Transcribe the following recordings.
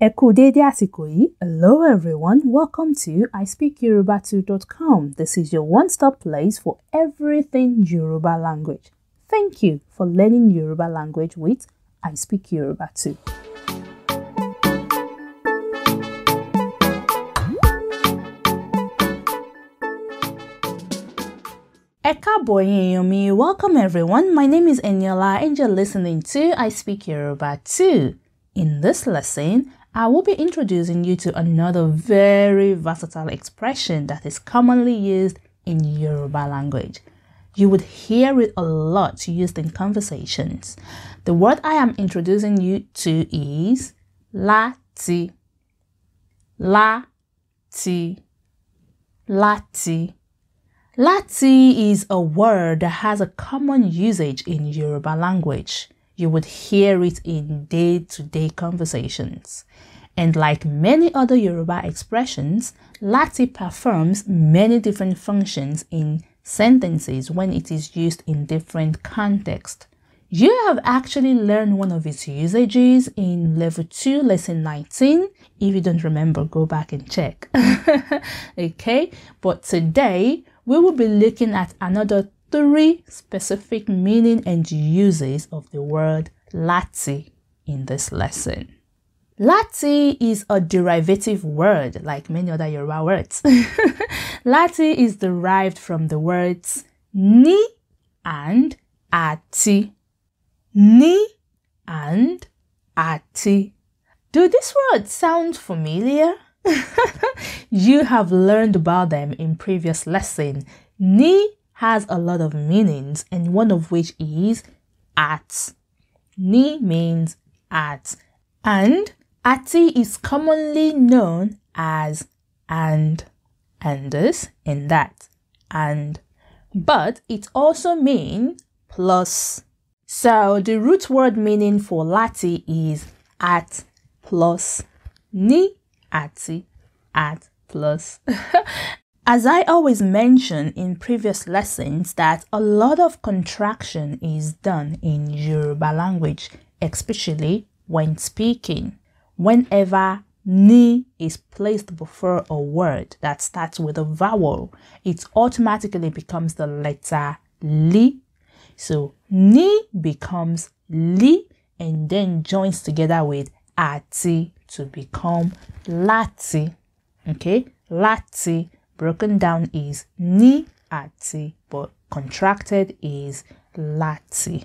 Hello everyone, welcome to ispeakyoruba2.com. This is your one-stop place for everything Yoruba language. Thank you for learning Yoruba language with I Speak Yoruba 2. welcome everyone. My name is Eniola and you're listening to I Speak Yoruba 2. In this lesson, I will be introducing you to another very versatile expression that is commonly used in Yoruba language. You would hear it a lot used in conversations. The word I am introducing you to is láti. Láti. Láti. Láti is a word that has a common usage in Yoruba language. You would hear it in day to day conversations. And like many other Yoruba expressions, Lati performs many different functions in sentences when it is used in different contexts. You have actually learned one of its usages in level 2, lesson 19. If you don't remember, go back and check. okay, but today we will be looking at another three specific meaning and uses of the word Lati in this lesson. Lati is a derivative word like many other Yoruba words. Lati is derived from the words ni and ati. Ni and ati. Do these words sound familiar? you have learned about them in previous lesson. Ni has a lot of meanings, and one of which is at. Ni means at, and ati is commonly known as and, and this, and that, and. But it also means plus. So the root word meaning for lati is at plus ni ati at plus As I always mention in previous lessons that a lot of contraction is done in Yoruba language, especially when speaking. Whenever ni is placed before a word that starts with a vowel, it automatically becomes the letter li. So ni becomes li and then joins together with ati to become lati. Okay, lati Broken down is ni ati, but contracted is lati.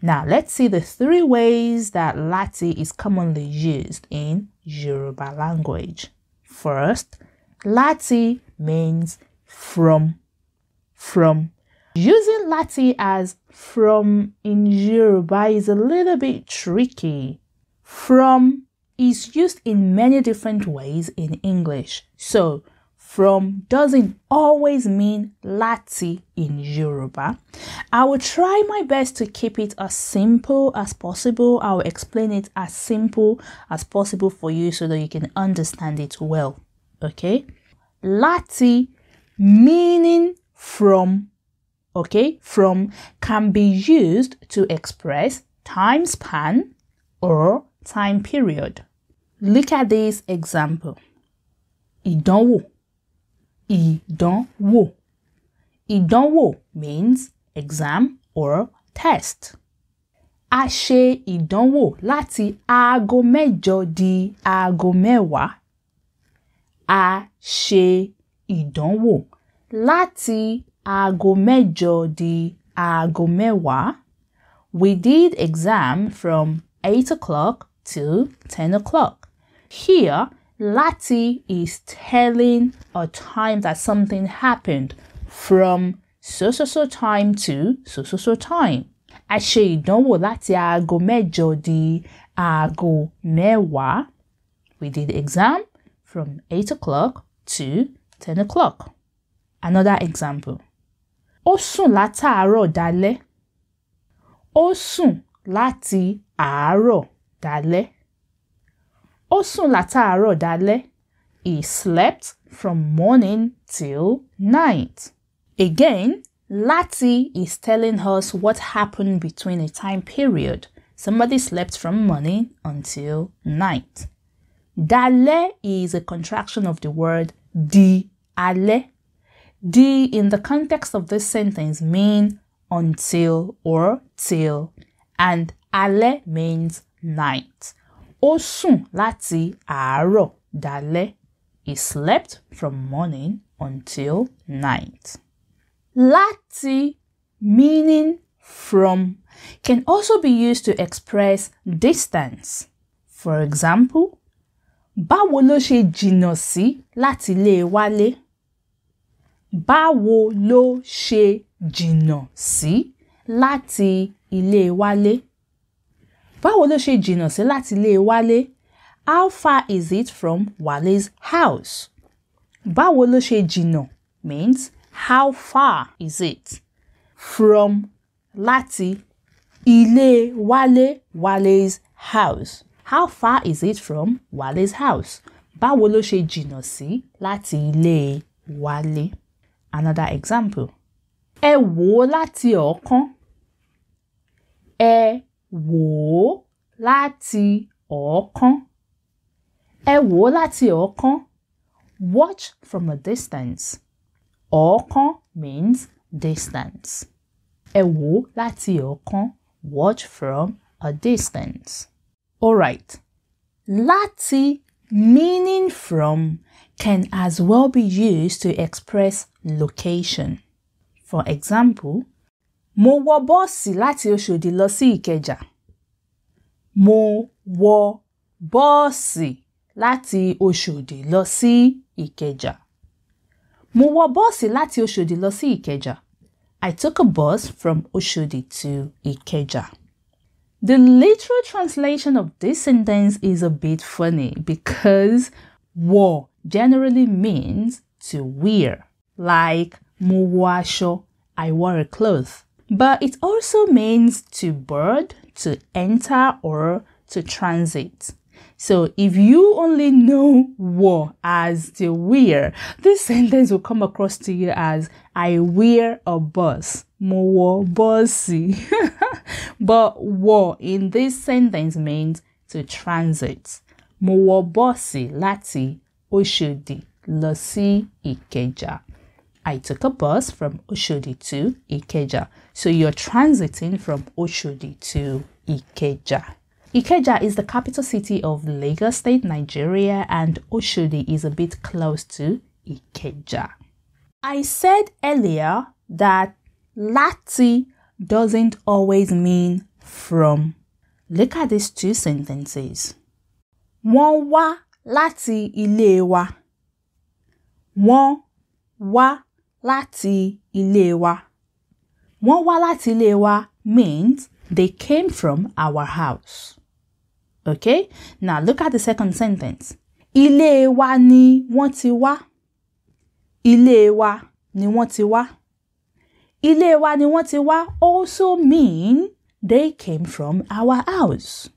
Now, let's see the three ways that lati is commonly used in Yoruba language. First, lati means from. From. Using lati as from in Yoruba is a little bit tricky. From is used in many different ways in English. So, from doesn't always mean Lati in Yoruba. I will try my best to keep it as simple as possible. I will explain it as simple as possible for you so that you can understand it well. Okay? Lati meaning from, okay, from can be used to express time span or time period. Look at this example. Ìdánwò ìdánwò. Ìdánwò means exam or test. A ṣe ìdánwò láti aago mẹ́jọ di aago mẹ́wàá. A ṣe ìdánwò láti aago mẹ́jọ di aago mẹ́wàá. We did exam from 8 o'clock to 10 o'clock. Here, Lati is telling a time that something happened from so so so time to so so so time. A ṣe ìdánwò láti aago mẹ́jọ di aago mẹ́wàá. We did exam from 8 o'clock to 10 o'clock. Another example. Ó sùn látàárọ̀ dalẹ́. Ó sùn láti àárọ̀ dalẹ́. Ó sùn látàárọ̀ dalẹ́. He slept from morning till night. Again, Lati is telling us what happened between a time period. Somebody slept from morning until night. Dale is a contraction of the word di ale. Di in the context of this sentence mean until or till and ale means night. Ó sùn láti àárọ̀ dalẹ́. He slept from morning until night. Láti meaning from can also be used to express distance. For example, báwo ló ṣe jìnnà sí láti ilé Wálé? Báwo ló ṣe jìnnà sí láti ilé Wálé? Báwo ló ṣe jìnnà sí láti ilé Wálé? How far is it from Wale's house? Báwo ló ṣe jìnnà means how far is it from láti ilé Wálé Wale's house? How far is it from Wale's house? Báwo ló ṣe jìnnà sí láti ilé Wálé? Another example. Ẹ wò ó láti ọ̀ọ́kán. Ẹ wò ó láti ọ̀ọ́kán. Ẹ wò ó láti ọ̀ọ́kán. Watch from a distance. Ọ̀ọ́kán means distance. Ẹ wò ó láti ọ̀ọ́kán. Watch from a distance. All right. Láti meaning from can as well be used to express location. For example, Mo wọ bọ́ọ̀sì láti Oṣòdì lọ sí Ìkẹjà. Mo wọ bọ́ọ̀sì láti Oṣòdì lọ sí Ìkẹjà. Mo wọ bọ́ọ̀sì láti Oṣòdì lọ sí Ìkẹjà. I took a bus from Oshodi to Ikeja. The literal translation of this sentence is a bit funny because wọ generally means to wear, like mo wọ aṣọ, I wore a cloth but it also means to board, to enter, or to transit. So if you only know war as the wear, this sentence will come across to you as I wear a bus. More bossy. but war in this sentence means to transit. More bossy lati Oshodi lasi sí Ìkẹjà. I took a bus from Oshodi to Ikeja. So you're transiting from Oshodi to Ikeja. Ikeja is the capital city of Lagos State, Nigeria, and Oshodi is a bit close to Ikeja. I said earlier that Lati doesn't always mean from. Look at these two sentences. Wọ́n wá láti ilé wa. lati ilewa." wá láti ilé wa. Wọ́n wá láti ilé wa means they came from our house. Okay? Now look at the second sentence. Ilé wa ni wọ́n ti wá. Ilé wa ni wọ́n ti wá. Ilé wa ni wọ́n ti wá also mean they came from our house.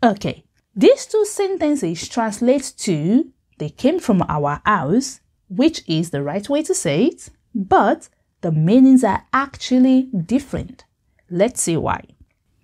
Okay, these two sentences translate to they came from our house, which is the right way to say it. But the meanings are actually different. Let's see why.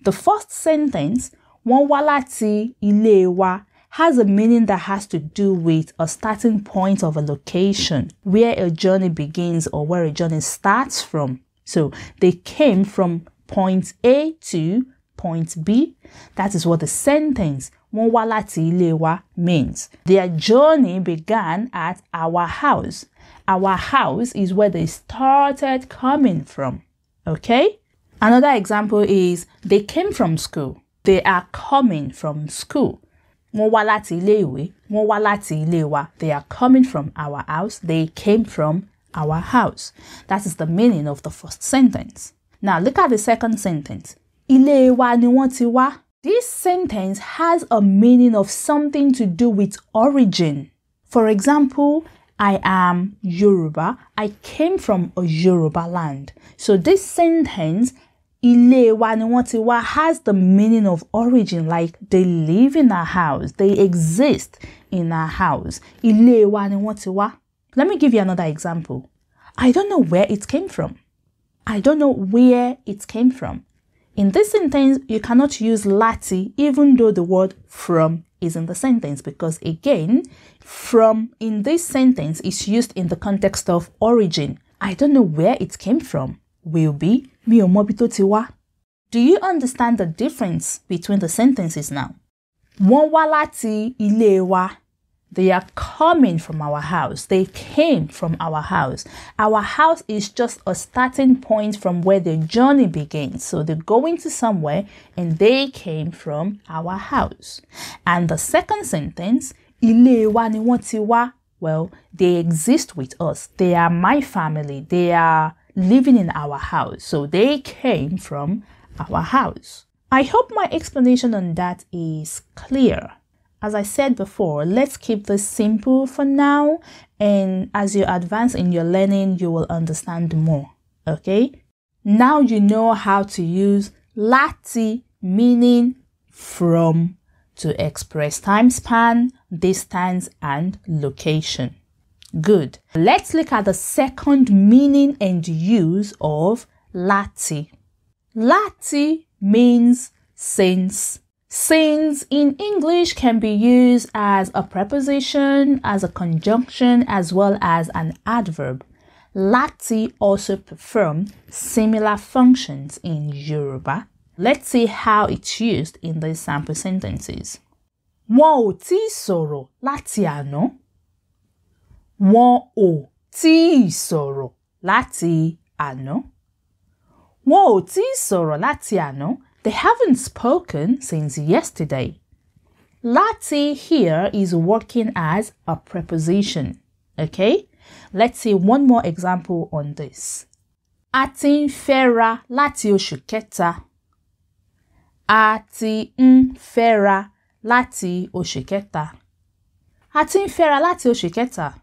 The first sentence, wọ́n walati láti has a meaning that has to do with a starting point of a location, where a journey begins or where a journey starts from. So they came from point A to point B. That is what the sentence wọ́n wá láti ilé wa means their journey began at our house. Our house is where they started coming from. Okay? Another example is they came from school. They are coming from school. Wọ́n wá láti ilé They are coming from our house. They came from our house. That is the meaning of the first sentence. Now look at the second sentence. This sentence has a meaning of something to do with origin. For example, I am Yoruba. I came from a Yoruba land. So this sentence, Ile wa ni wá, has the meaning of origin, like they live in our house, they exist in our house. Ile wa ni wá. Let me give you another example. I don't know where it came from. I don't know where it came from. In this sentence, you cannot use lati even though the word from is in the sentence because again, from in this sentence is used in the context of origin. I don't know where it came from. Will be mi o Do you understand the difference between the sentences now? Wọ́n wá láti ilé wa lati ilewa. They are coming from our house. They came from our house. Our house is just a starting point from where the journey begins. So they're going to somewhere and they came from our house. And the second sentence, Well, they exist with us. They are my family. They are living in our house. So they came from our house. I hope my explanation on that is clear. As I said before, let's keep this simple for now and as you advance in your learning, you will understand more, okay? Now you know how to use lati meaning from to express time span, distance and location. Good. Let's look at the second meaning and use of lati. Lati means since since in English can be used as a preposition, as a conjunction, as well as an adverb, Lati also perform similar functions in Yoruba. Let's see how it's used in these sample sentences. Wọ́n ò tí sọ̀rọ̀ láti ano. Wọ́n ò tí sọ̀rọ̀ láti ano. Wọ́n ò tí sọ̀rọ̀ láti ano. They haven't spoken since yesterday. Latte here is working as a preposition. Okay? Let's see one more example on this. A fẹ́ra láti oṣù kẹta. A fẹ́ra láti oṣù kẹta. fẹ́ra láti oṣù kẹta.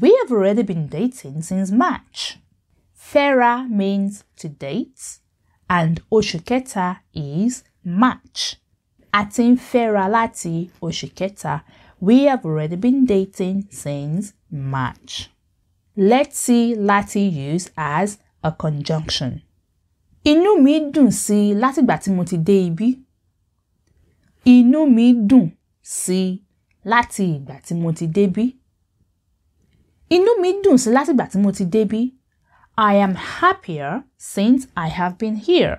We have already been dating since March. Fẹ́ra means to date. and oṣù kẹta is March. A ti ń fẹ́ra láti oṣù kẹta. We have already been dating since March. Let's see Lati use as a conjunction. Inú mi dùn sí i látìgbà tí mo ti dé ibí. Inú mi dùn sí i láti ìgbà tí mo ti débí. Inú mi dùn sí i látìgbà tí mo ti débí. I am happier since I have been here.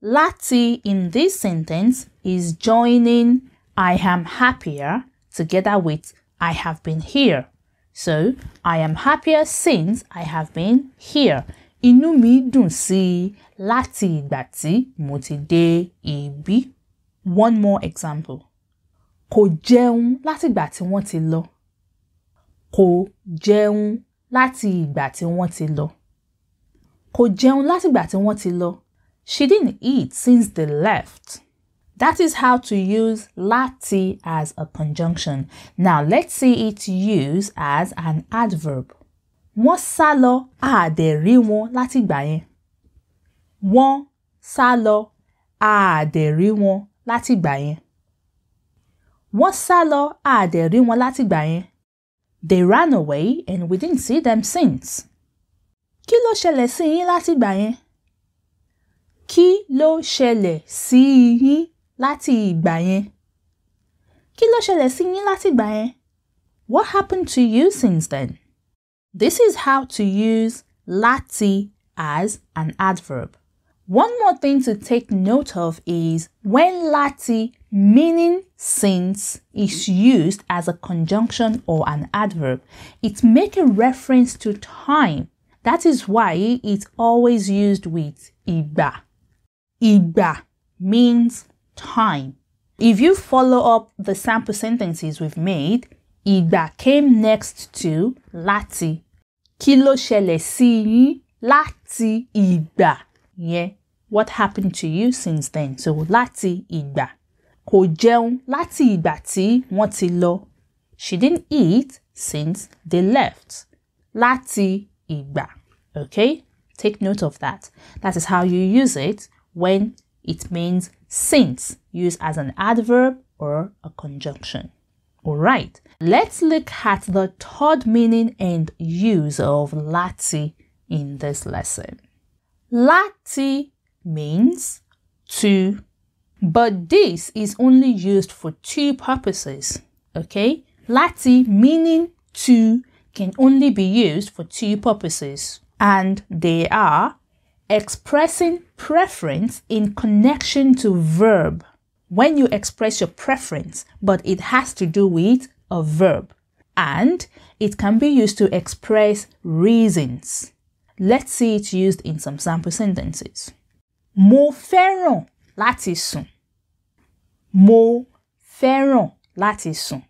Lati in this sentence is joining I am happier together with I have been here. So, I am happier since I have been here. Inú mi dùn sí láti ìgbà tí mo ti dé ibí. One more example. Kò jẹun láti ìgbà tí wọ́n ti lọ. Kò jẹun láti ìgbà tí wọ́n ti lọ. Kò jẹun látìgbà tí wọ́n ti lọ. She didn't eat since they left. That is how to use láti as a conjunction. Now let's see it used as an adverb. Wọ́n sá lọ àdèrí wọn látìgbà yẹn. Wọ́n sá lọ àdèrí wọn látìgbà yẹn. Wọ́n sá lọ àdèrí wọn látìgbà yẹn. They ran away and we didn't see them since kí ló ṣẹlẹ̀ sí yín látìgbà yẹn? kí ló ṣẹlẹ̀ sí yín láti ìgbà yẹn? kí ló ṣẹlẹ̀ sí yín yẹn? What happened to you since then? This is how to use láti as an adverb. One more thing to take note of is when láti meaning since is used as a conjunction or an adverb, it's making reference to time that is why it's always used with iba. Iba means time. If you follow up the sample sentences we've made, iba came next to láti. Kilo ló sí láti iba. Yeah. What happened to you since then? So láti iba. Kò jẹun ìgbà iba ti lọ. She didn't eat since they left. Láti igba. Okay, take note of that. That is how you use it when it means since, used as an adverb or a conjunction. Alright, let's look at the third meaning and use of lati in this lesson. Lati means to, but this is only used for two purposes. Okay, lati meaning to can only be used for two purposes, and they are expressing preference in connection to verb. When you express your preference, but it has to do with a verb, and it can be used to express reasons. Let's see it used in some sample sentences. Mo fẹ́ràn láti sùn. Mo fẹ́ràn láti sùn.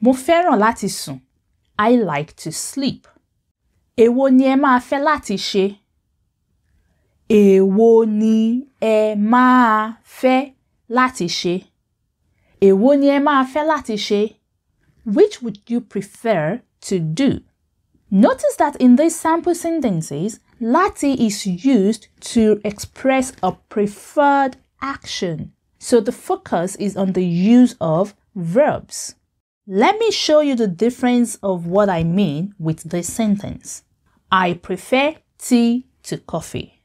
Mo fẹ́ràn láti sùn I like to sleep. Èwo ni ẹ máa fẹ́ láti ṣe? Èwo ni ẹ máa fẹ́ láti ṣe? Èwo ni ẹ máa fẹ́ láti ṣe? Which would you prefer to do? Notice that in these sample sentences, Lati is used to express a preferred action. So the focus is on the use of verbs. Let me show you the difference of what I mean with this sentence. I prefer tea to coffee.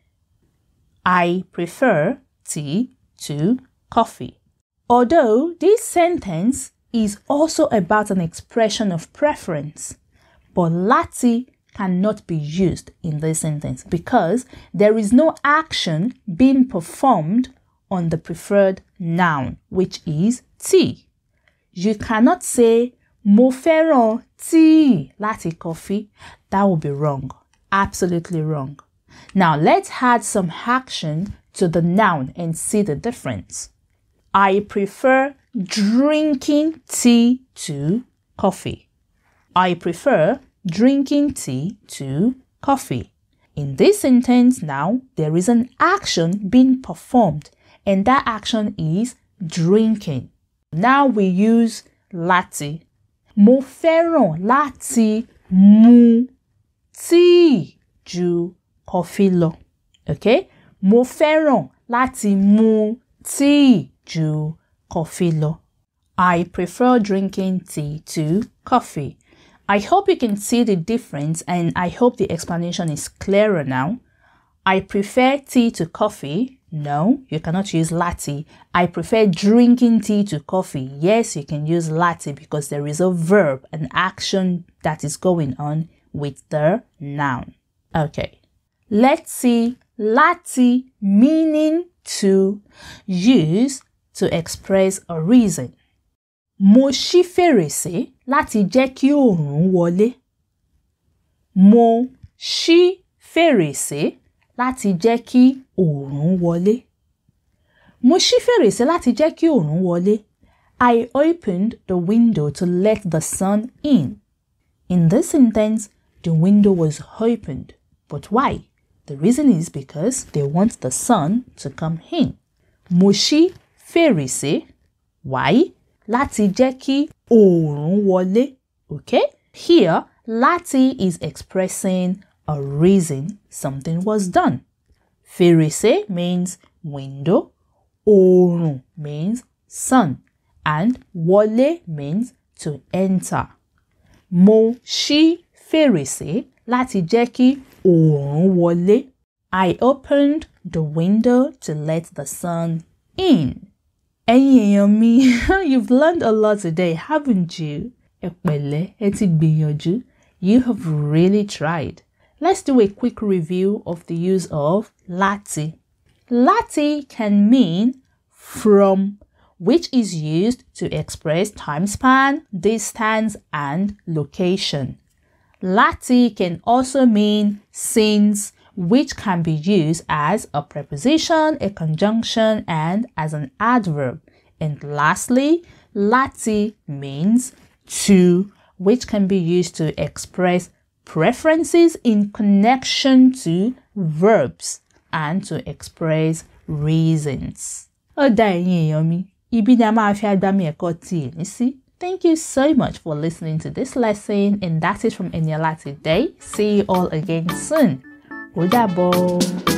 I prefer tea to coffee. Although this sentence is also about an expression of preference, but lati cannot be used in this sentence because there is no action being performed on the preferred noun, which is tea. You cannot say mo fẹ́ràn tea láti coffee. That would be wrong. Absolutely wrong. Now let's add some action to the noun and see the difference. I prefer drinking tea to coffee. I prefer drinking tea to coffee. In this sentence now, there is an action being performed and that action is drinking. Now we use láti. Mo fẹ́ràn láti mu tea ju coffee lọ. Okay? Mo fẹ́ràn láti mu tea ju coffee lọ. I prefer drinking tea to coffee. I hope you can see the difference and I hope the explanation is clearer now. I prefer tea to coffee. No, you cannot use latte. I prefer drinking tea to coffee. Yes, you can use latte because there is a verb, an action that is going on with the noun. Okay, let's see latte meaning to use to express a reason. Mo ṣí fèrèsé láti jẹ́ kí oòrùn wọlé. Mo ṣí fèrèsé láti jẹ́ kí òòrùn wọlé. Mo ṣí fèrèsé láti jẹ́ kí òòrùn wọlé. I opened the window to let the sun in. In this sentence, the window was opened. But why? The reason is because they want the sun to come in. Mo ṣí fèrèsé. Why? Láti jẹ́ kí òòrùn wọlé. Okay? Here, láti is expressing a reason something was done. Ferise means window, Oru means sun, and wọlé means to enter. Mo shi ferise láti jeki oru wale. wọlé. I opened the window to let the sun in. Ẹ̀yin you've learned a lot today, haven't you? Ẹ pẹ̀lẹ́, You have really tried. Let's do a quick review of the use of lati. Lati can mean from, which is used to express time span, distance, and location. Lati can also mean since, which can be used as a preposition, a conjunction, and as an adverb. And lastly, lati means to, which can be used to express preferences in connection to verbs and to express reasons. ibi Thank you so much for listening to this lesson and that is from Eniola today. See you all again soon. Ó